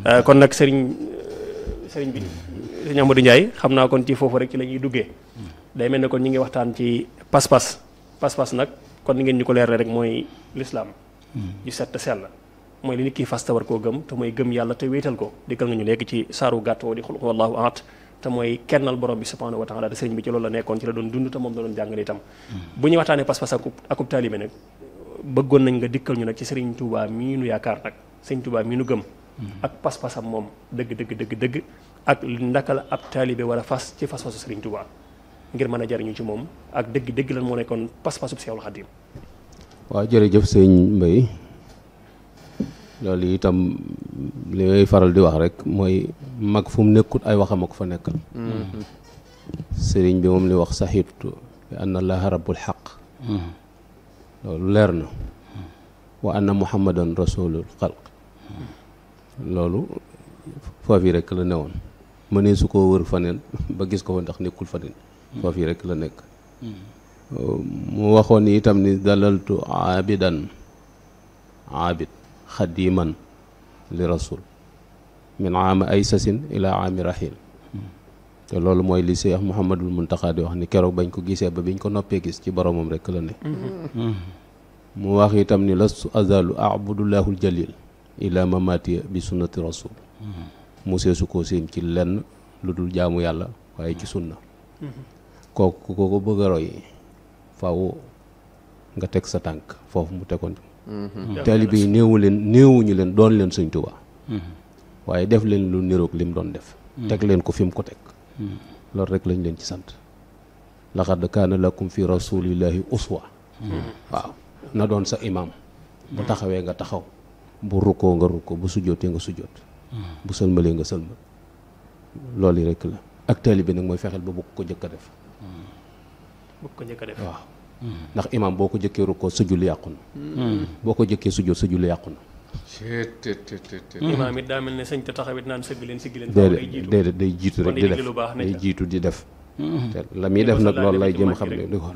Euh, kon nag sëriñ sëriñ bi sëriñ Amadou Ndiaye xam naa kon tii foofu rek ci la ñuy duggee day mel ne kon ñu ngi waxtaan ci pas-pas pas nag kon ni ngeen ñu ko leer rek mooy lislaam ju hmm. set te la mooy li nit ki fas te war koo gëm te mooy gëm yàlla te wéetal ko dikkal nga ñu léegi ci saaru gàttoo di xul wallahu aat te mooy kennal borom bi subhanahu wa taala te sëriñ bi ci loolu la nekkoon ci la doon dund te moom la doon jàngale itam hmm. bu ñuy waxtaanee pas-pas ak akub taalibe nag bëggoon ñu nag ci sëriñ Touba mii nu yaakaar nag sëriñ Touba gëm ak pas-pasam moom dëgg dëgg dëgg dëgg ak ndaka la ab taalibe war a fas ci fas-fasu ngir mën a jariñu ci moom ak dëgg dëgg lan moo nekkoon pas-pasub Seexul Xadiim waaw jërëjëf sëñ mbay loolu itam li ngay faral di wax rek mooy mag fu mu nekkut ay waxam ak fa nekkal mm-hmm. sëriñ bi moom li wax saxitu bi anna allaha rabbul xaq mm-hmm. loolu leer na wa anna muhammadan rasulul xalq loolu foofu yi rek la newoon mënee su koo wër faneen ba gis ko fa ndax nekkul faneen foofu yi rek la nekk mu waxoon itam ni dalaltu aabidan aabid xadiman li rasul min aama ay sasin ilaa aami rahil te loolu mooy li Cheikh Mouhamadul Muntaxa di wax ni keroog bañ ko gisee ba biñ ko noppee gis ci boromam rekk la ne mm-hmm. mu wax itam ni lastu azalu abudulahul jalil ila mamati bi sunnati rasul moseesu koo seen ci lenn lu dul jaamu yàlla waaye ci sunna kooku ko ko bëgg roy faaw nga teg sa tànk foofu mu tegoon mhm. taalibe yi néewu leen néewuñu leen doon leen sëñ Tuubaa mhm. waaye def leen lu niroog lim doon def mhm. teg leen ko fi mu ko teg loolu rek lañ leen ci sant laqad kaana lakum fi rasulillahi uswa waaw na doon sa imam bu taxawee nga taxaw bu rukkoo nga rukkoo bu sujjootee nga sujjoot hmm. bu lee nga sëlmal loolu rek la ak taalibe nag mooy fexeel ba bu ko jëkk a def hmm. bu def waaw hmm. ndax imaam boo ko jëkkee rukkoo sa julli yàqu na boo ko jëkkee sujjoot sa julli yàqu na imaam it daa mel ne sëñ te naan sëgg leen sigg leen déedéet day jiitu rek di def day jiitu di def la muy def nag loolu lay jëm xam ne di ko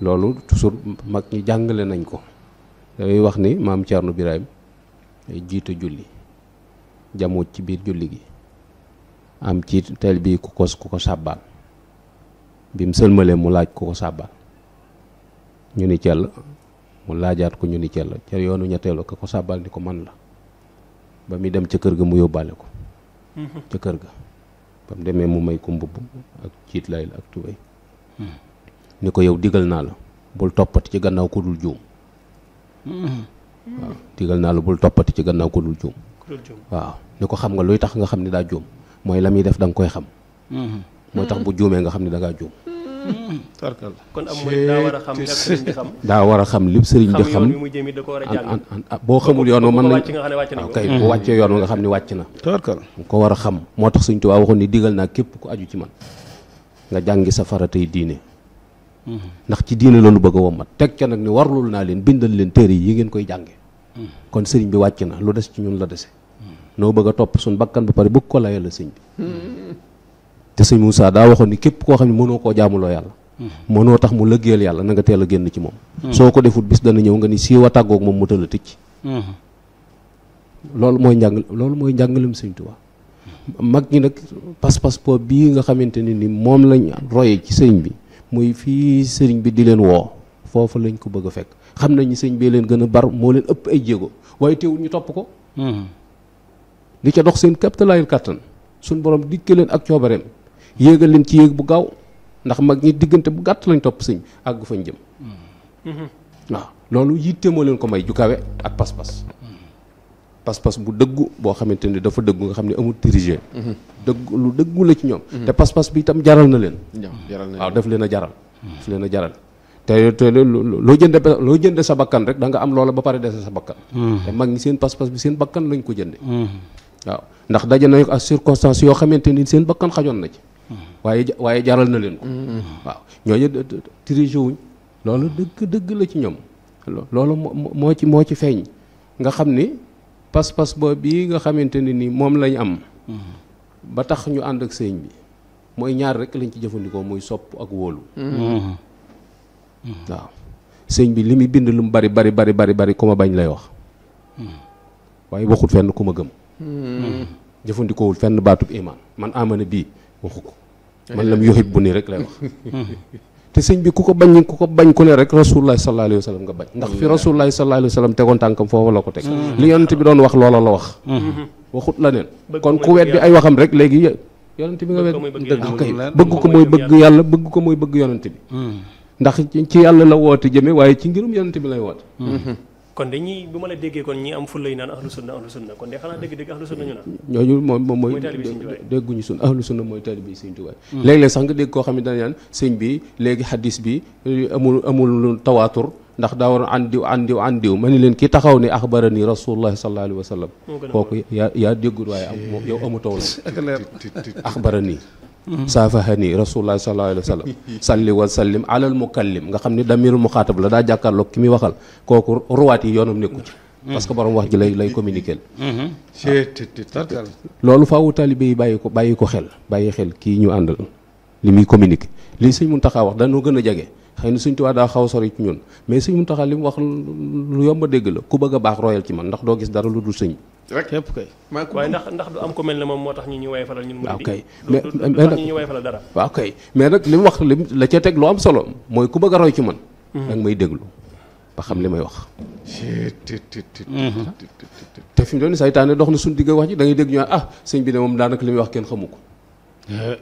loolu toujours mag ñi jàngale nañ ko dangay wax ni maam Thierno Birahim jiitu julli jamuut ci biir julli gi am ci tel bi ku ko ku ko sàbbaal bi mu sëlmalee mu laaj ku ko sàbbaal ñu ni cell mu laajaat ko ñu ni cell ca yoonu ñetteelu ka ko sàbbaal ni ko man la ba muy dem ca kër ga mu yóbbaale ko mhm. ca kër ga ba mu demee mu may ko mbubb ak ciit lay la ak tubéy mhm. ni ko yow digal naa la bul toppati ci gannaaw ku dul juum mhm. Mm. waaw digal naa la bul toppati ci gannaaw ko dul juum waaw ni ko xam nga luy tax nga xam ne daa juum mooy la muy def da nga koy xam mm-hmm. moo tax bu juumee nga xam ne da ngaa juum mm-hmm. tarkal kon am mooy war a xam lépp sëriñ bi xam daa war a xam lépp sëriñ bi xam boo xamul yoon ma mën nañ kay bu wàccee yoon nga xam ne wàcc na mm-hmm. tarkal ko war a moo tax Sëriñ Tuubaa waxoon ni digal naa képp ku aju ci man nga jàngi sa faratay diine ndax ci diine la lu bëgg a wommat teg ca nag ni warlul naa leen bindal leen téere yi ngeen koy jànge kon sëriñ bi wàcc na lu des ci ñun la dese noo bëgg a topp suñ bakkan ba pare bëgg ko layal la sëñ bi te sëñ Moussa daa waxoon ni képp koo xam ne mënoo koo jaamuloo yàlla mënoo tax mu lëggeel yàlla na teel a génn ci moom soo ko defut bis dana ñëw nga ni siiwa tàggoog moom mu tëla tëcc loolu mooy njàng loolu mooy njàngalem sëñ Tuubaa mag ñi nag pas-pas po bii nga xamante ne ni moom lañ roye ci sëñ bi muy fii sëriñ bi di leen woo foofu lañ ko bëgg a fekk xam nañu sëñ bee leen gën a bar moo leen ëpp ay jéego waaye teewul ñu topp ko. li hmm. ca dox seen kaptalaayul kàttan suñ borom dikke leen ak coobareem yéegal leen ci yéeg bu gaaw ndax mag ñi diggante bu gàtt lañ topp sëñ àgg fañ jëm. Hmm. Hmm. waaw loolu yitte moo leen ko may ju kawe ak pas-pas. pas-pas bu dëggu boo xamante ni dafa dëggu nga xam ne amul tricher. Mhm. dëggu lu dëggu la ci ñoom. Mhm. te pas bi itam jaral na leen. jaral na leen waaw leen a jaral. daf leen a jaral te te loo jënde loo jënde sa bakkan rek da am loola ba pare dese sa bakkan. Mhm. te mag ñi seen pas-pas bi seen bakkan lañ ko jënde waaw ndax daje nañu ak circonstances yoo xamante ni seen bakkan xajoon na ci. waaye waaye jaral na leen ko. waaw ñooñu tricher wuñ loolu dëgg dëgg la ci ñoom. loolu moo moo ci moo ci feeñ nga xam ni. pas-pas boo bii nga xamante ne ni moom lañ am mm-hmm. ba tax ñu ànd ak seeñ bi mooy ñaar rek lañ ci jëfandikoo muy sopp ak wóolu mm-hmm. waaw sëñ bi li muy bind lu mu bari bari bari bari bari ku ma bañ lay wax mm-hmm. waaye waxut fenn ku ma gëm jëfandikoowul fenn baatub imaan man amana bii waxu ko eh. man lam yoxit bu nii rek lay wax te sëñ bi ku ko bañ ku ko bañ ku ne rek rasulullah sallallahu alayhi wa sallam nga bañ ndax fi rasulullah sallallahu alayhi wa sallam tegoon tànkam foofu la ko teg mm-hmm. li yonent bi doon wax loola la wax mm-hmm. waxut la neen kon ku wet bi ay waxam rek léegi yonent bi nga wet bëgg ko mooy bëgg yàlla bëgg ko mooy bëgg yonent bi mm. ndax ci yàlla la woote jëme waaye ci ngirum yonent bi lay woote mm-hmm. kon dañuy bu ma la déggee kon ñi am fulla yi naan ahlu sunna ahlu sunna kon de xanaa dégg-dégg ahlu sunna ñu naan ñooñu moom moom mooy dégguñu sun ahlu sunna mooy taalibi sëñ Tuubaa hmm. léeg-léeg sax nga dégg koo xam ne dana naan sëñ bi léegi xadis bi amul amul tawaatur ndax daa waroon andiw andiw andiw ma ni leen ki taxaw ne axbarani rasulullahi sallallahu alayhi wa sallam kooku yaa yaa déggul waaye am yow amutoo la axbarani saafahani rasulullah sallallahu alayhi wa sallam salli wa sallim alal mukallim nga xam ni damirul muxaatab la daa jàkkaarloog ki muy waxal kooku ruwaat yi yoonam nekku ci mm-hmm. parce que borom wax ji lay lay communiquer mm-hmm. ah. loolu faawu taalibe yi bàyyi ko bàyyi ko xel bàyyi xel kii ñu àndal li muy communiquer lii suñ mun Muntaxa wax dañoo gën a jege xëy na suñ tubaab daa xaw a sori ñun mais sëñ Muntaxa li mu wax lu yomb a dégg la ku bëgg a baax royal ci man ndax doo gis dara lu dul sëñ rek képp kay. waaye ndax ndax du am ko mel ne moom moo tax ñu ñuy way falal ñun. waaw kay mais mais ñu way falal dara. waaw kay mais nag li mu wax lim la ca teg lu am solo mooy ku bëgg a roy ci man. Mhm. da may déglu xam li may wax. te fi mu doon saytaane dox na suñu digg wax ji da ngay dégg ñu naan ah sëñ bi ne moom daanaka li muy wax kenn xamu ko. Eh.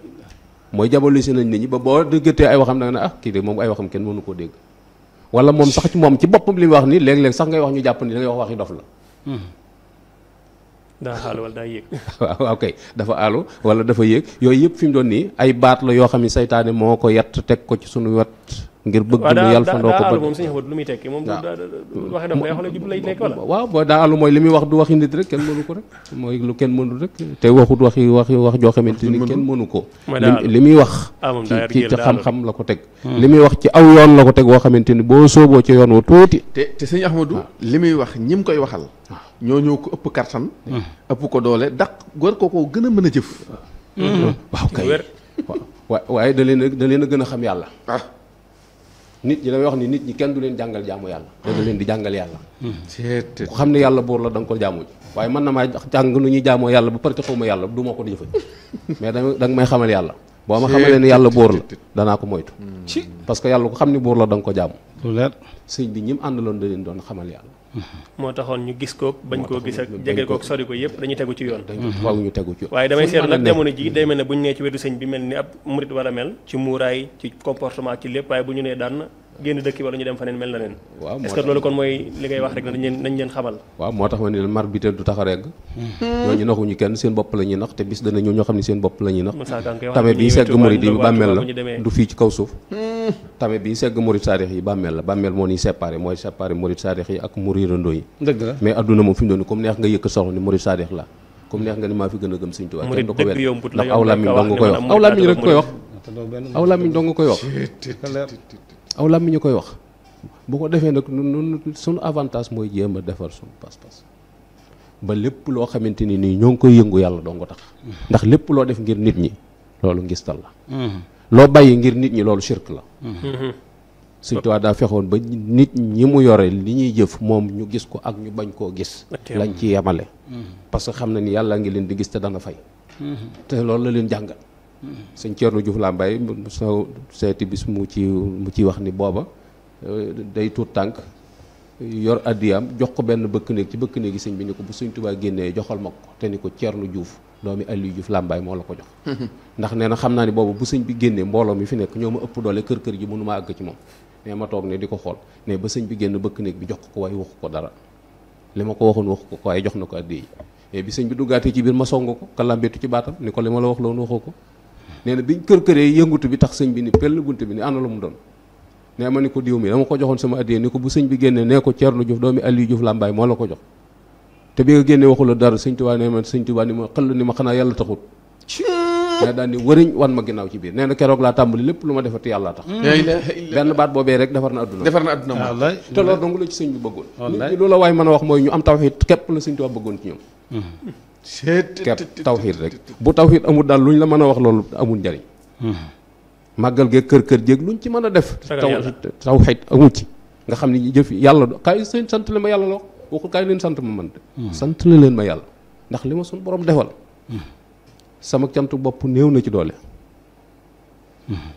mooy jàppale si nañ ni ñi ba boo déggatee ay waxam da nga ne ah kii de moom ay waxam kenn mënu koo dégg. wala moom sax moom ci boppam li muy wax nii léeg-léeg sax ngay wax ñu jàpp ni da ngay wax waxi dof la. Hmm. daa xaalu daa yéeg. waaw waaw kay dafa aalu wala dafa yéeg yooyu yëpp fi doon nii ay baat la yoo xam ne saytaane moo ko yett teg ko ci suñu wet. ngir bëgg lu yàlla fandoo ko bëgg moom sëñ Ahmadu lu muy tekki moom waxe daf lay la jub lay nekk wala waaw daa àllu mooy li muy wax du waxi nit rek kenn mënu ko rek mooy lu kenn mënul rek te waxut waxi waxi wax joo xamante kenn mënu ko li muy wax ah, ci ci xam-xam la ko teg hmm. li muy wax ci aw yoon la ko teg woo xamante ni boo sooboo ci yoon wa tuuti te te sëñ Ahmadu ah. li muy wax ñi mu koy waxal ah. ñoo ñoo ko ëpp kartan hmm. ëpp ko doole daq war ko ko gën a mën a jëf hmm. waaw kay waaw waaye da leen da leen gën a xam yàlla nit ñi damay wax ni nit ñi kenn du leen jàngal jaamu yàlla da leen di jàngal yàlla hmm. ku xam ne yàlla buur la da nga ko jaamu waaye mën na maa jàng lu ñuy jaamoo yàlla ba pare te xawma yàlla du ma ko jëfe may xamal yàlla boo ma xamalee ne yàlla buur la hmm. danaa ko moytu hmm. parce que yàlla ko xam ne buur la da nga ko jaamu sëñ bi ñim àndaloon da leen doon xamal yàlla moo taxoon ñu gis kook bañ koo gis ak jege kook sori ko yëpp dañuy tegu ci yoon faw ñu tegu ci waaye damay seetlu nag jamono ji day mel ne bu ñu nee ci wetu sëñ bi mel ni ab murit war a mel ci muuraay ci comportement ci lépp waaye bu ñu nee daan génn dëkk wala ñu dem faneen mel na leen. waaw loolu kon mooy li ngay wax rek nañ leen xamal. waaw moo tax ma ne leen mar bi te du tax a regg. ñooñu naxuñu kenn seen bopp la nax te bis dana ñoo xam ne seen bopp la nax. tame bii segg murid yi bàmmeel la du fii ci kaw suuf. tame bii segg murid saadix yi bàmmeel la bàmmeel moo ñuy séparé mooy séparé murid saadix yi ak muridandoo yi. dëgg adduna moom fi comme neex nga yëkk soxla ni aw làmmiñ ñu koy wax bu ko defee nag nun suñu avantage mooy jéem a defar suñu pas-pas ba lépp loo xamante ni ñoo ngi koy yëngu yàlla doo ko tax ndax lépp loo def ngir nit ñi loolu ngistal la mm-hmm. loo bàyyi ngir nit ñi loolu shirk la mm-hmm. mm-hmm. Sëñ Tuubaa daa fexoon ba nit ñi mu yore li ñuy jëf moom ñu gis ko ak ñu bañ koo gis lañ ci yemale parce que xam na ni yàlla ngi leen di gis te dana fay te loolu la leen jàngal sëñ Thierno Diouf Lambaye soo seeti bis mu ci mu ciy wax ni booba euh, day tuut tànk yor addiyam jox ko benn bëkk néeg ci bëkk néegi sëñ bi ni ko bu sëñ Tuubaa génnee joxal ma ko te ni ko Thierno Diouf doomi Aliou Diouf Lambaye moo la ko jox mm-hmm. ndax nee na xam naa ni booba bu sëñ bi génnee mbooloo mi fi nekk ñoo ma ëpp doole kër kër ji mënu àgg ci moom ne ma toog ne di ko xool ne ba sañ bi génn bëkk néeg bi jox ko waaye wax ko dara li ma ko waxoon waxu ko waaye jox na ko addiya yi bi sëñ bi duggaatee ci biir ma song ko kalambeetu ci baatam ni ko li ma la wax loolu waxoo ko nee na biñ kër këree yëngutu bi tax sëñ bi ni pell bunt bi ni ana lu mu doon nee ma ni ko diw mi dama ko joxoon sama addiya ni ko bu sëñ bi génnee nee ko Ceerno Juuf doomi Aliou Juuf Lambaay moo la ko jox te bi nga génnee waxula dara sëñ yàlla taxut mais daal ni wëriñ wan ma ginnaaw ci biir nee na keroog laa tàmbali lépp lu ma defati yàlla tax benn baat boobee rek defar na adduna defar na adduna te loolu dong ci sëñ bi bëggoon nit la waay mën a wax mooy ñu am tawxiid képp la sëñ Tuubaa bëggoon ci ñoom hmm. kepp tawxiid rek bu tawxiid amul daal luñ la mën a wax loolu amul njariñ hmm. màggal gee kër kër jéeg luñ ci mën a def tawxiid amul ci nga xam ni jëf yàlla do kaay seen sant leen ma yàlla la wax waxul leen sant ma man hmm. sant la leen ma yàlla ndax li ma suñ borom defal hmm. sama cantu bopp néew na ci doole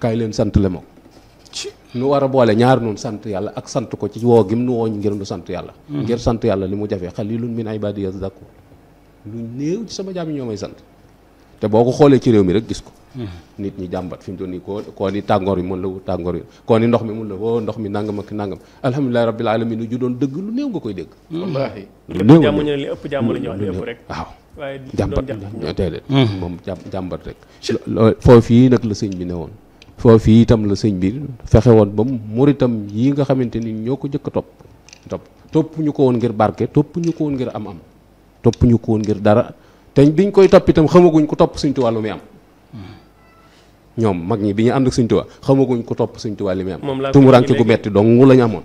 kaay leen sant le ma nu war a boole ñaar noonu sant yàlla ak sant ko ci woo gim nu ñu ngir nu sant yàlla ngir sant yàlla li mu jafee ay min a zakur lu néew ci sama jaam ñoo may sant te boo ko xoolee ci réew mi rek gis ko hmm. nit ñi jàmbat fi mu toll nii koo koo tàngoor yi mun la tàngoor yi koo ni ndox mi mun la woo ndox mi nangam ak nangam alhamdulilahi rabbil alamin lu ju doon dëgg lu néew nga koy dégg hmm. wallaahi lu néew jàmm ñu ne li ëpp jàmm la ñu wax lépp rek waaw waaye jàmbat déedéet hmm. moom jàmbat rek foofu yi nag la sëñ bi ne woon foofu yi itam la sëñ bi fexe woon ba muritam yi nga xamante ni ñoo ko jëkk a topp topp topp ñu ko woon ngir barke topp ñu ko woon ngir am am topp ñu ko woon ngir dara teñ biñ koy topp itam xamaguñ ku topp Sëñ Tuubaa lu muy am ñoom mag ñi bi ñu ànd ak Sëñ Tuubaa xamaguñ ku topp Sëñ Tuubaa li muy am tumuranke gu metti dong la ñu amoon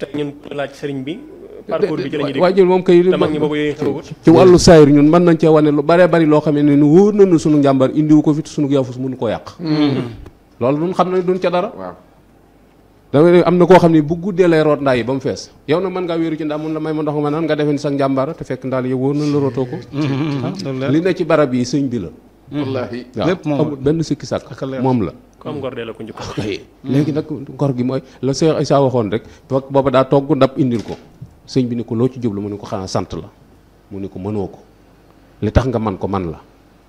te ñun laaj sëriñ bi parcours bi waaye ñun moom kay ci wàllu saayir ñun mën nañ cee wane lu bare bari loo xam ne ni wóor nañu sunu njàmbar indiwu ko fi sunu yafus mënu koo yàq mm-hmm. loolu duñ xam ne duñ ca dara dama am na koo xam ne bu guddee lay root ndaa yi ba mu fees yow na man ngaa wéeru ci ndaa mun la may ma ndox ma naan nga defee ni sax njàmbaara te fekk ndaal yow wóor na la rootoo ko mm-hmm. Mm-hmm. Ah, li ne ci barab yi sëñ bi la wallaahi benn sikki sàkk moom la ku am la ko njëkk léegi nag ngor gi mooy la Cheikh saa waxoon rek fekk booba daa togg ndab indil ko sëñ bi ni ko loo ci jublu mu ne ko xanaa sant la mu ne ko mënoo ko li tax nga man ko man la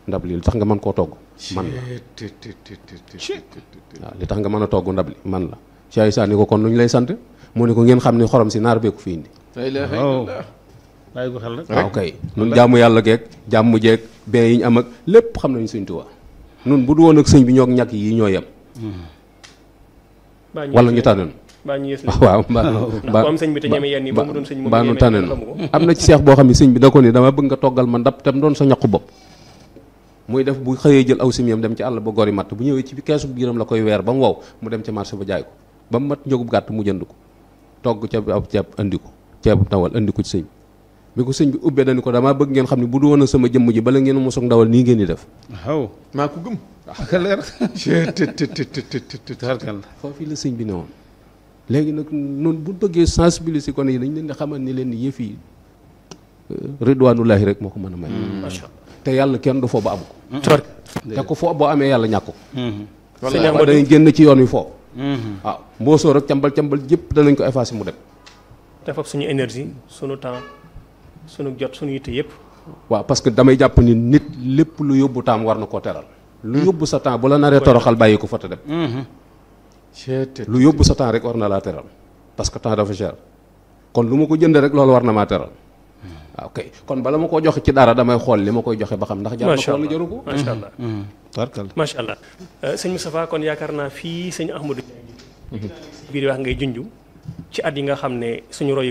ndab li li tax nga mën koo togg man la waaw li tax nga mën a togg ndab li man la Cheikh Issa ko kon nu ñu lay sant mu ne ko ngeen xam ni xorom si naar beeku fi indi. waaw bàyyi ko ah, jàmm yàlla geeg jàmm jeek benn yi ñu am ak lépp xam nañu Sëñ Tuubaa ñun bu du woon ak sëñ bi ñoo ñàkk yi ñoo yem. wala ñu tànnoon. baa ñu yées waaw mbaa ndax am sëñ bi te ñeme yenn yi ba nu tànnoon am na ci seex boo xam ne sëñ bi da ko ni dama bëgg nga toggal ma ndab tam doon sa ñaqu bopp muy def bu xëyee jël aw simiyam dem ci àll ba gori matt bu ñëwee ci keesu biiram la koy weer ba mu wow mu dem ca marché ba jaay ko ba mu mat njëgub gàtt mu jënd ko togg ca ab ceeb andi ko ceebu ndawal andi ko ci sëñ bi bi ko sëñ bi ubbee dañu ko damaa bëgg ngeen xam ne bu du woon a sama jëmm ji bala ngeen mosok ndawal nii ngeen di def waaw maa ko gëm ak ah, leer foofu la sëñ bi ne woon léegi nag noonu bu bëggee sensibiliser kon yi dañ leen di xamal ni leen ni yëf yi euh, ridwanullahi rek moo ko mën a may hmm. te yàlla kenn du foofu ba ko te ko foo boo amee yàlla ñàkk ko hmm. sëñ génn ci yoon wi foofu waaw mm-hmm. ah, mboosoo rek cambal cambal yëpp danañ ko effacé mu dem. dafa suñu énergie suñu temps suñu jot suñu yitte yëpp. waa parce que damay jàpp ni nit lépp lu yóbbu taam war na koo teral. lu mm. yóbbu sa temps bu la naree toroxal bàyyi ko fa te dem. Mm-hmm. lu yóbbu sa temps rek war na laa teral parce que temps dafa cher kon lu ma ko jënd rek loolu war na maa teral. waaw ah, kay kon bala ma koo joxe ci dara damay xool li ma koy joxe ba xam ndax jar na ko wala jaru ko macha hmm. allah tarkal hmm. macha allah eh, sëñ Moustapha kon yaakaar naa fii sëñ Ahmadou hmm. biir wax ngay junj ci at yi nga xam ne suñu roy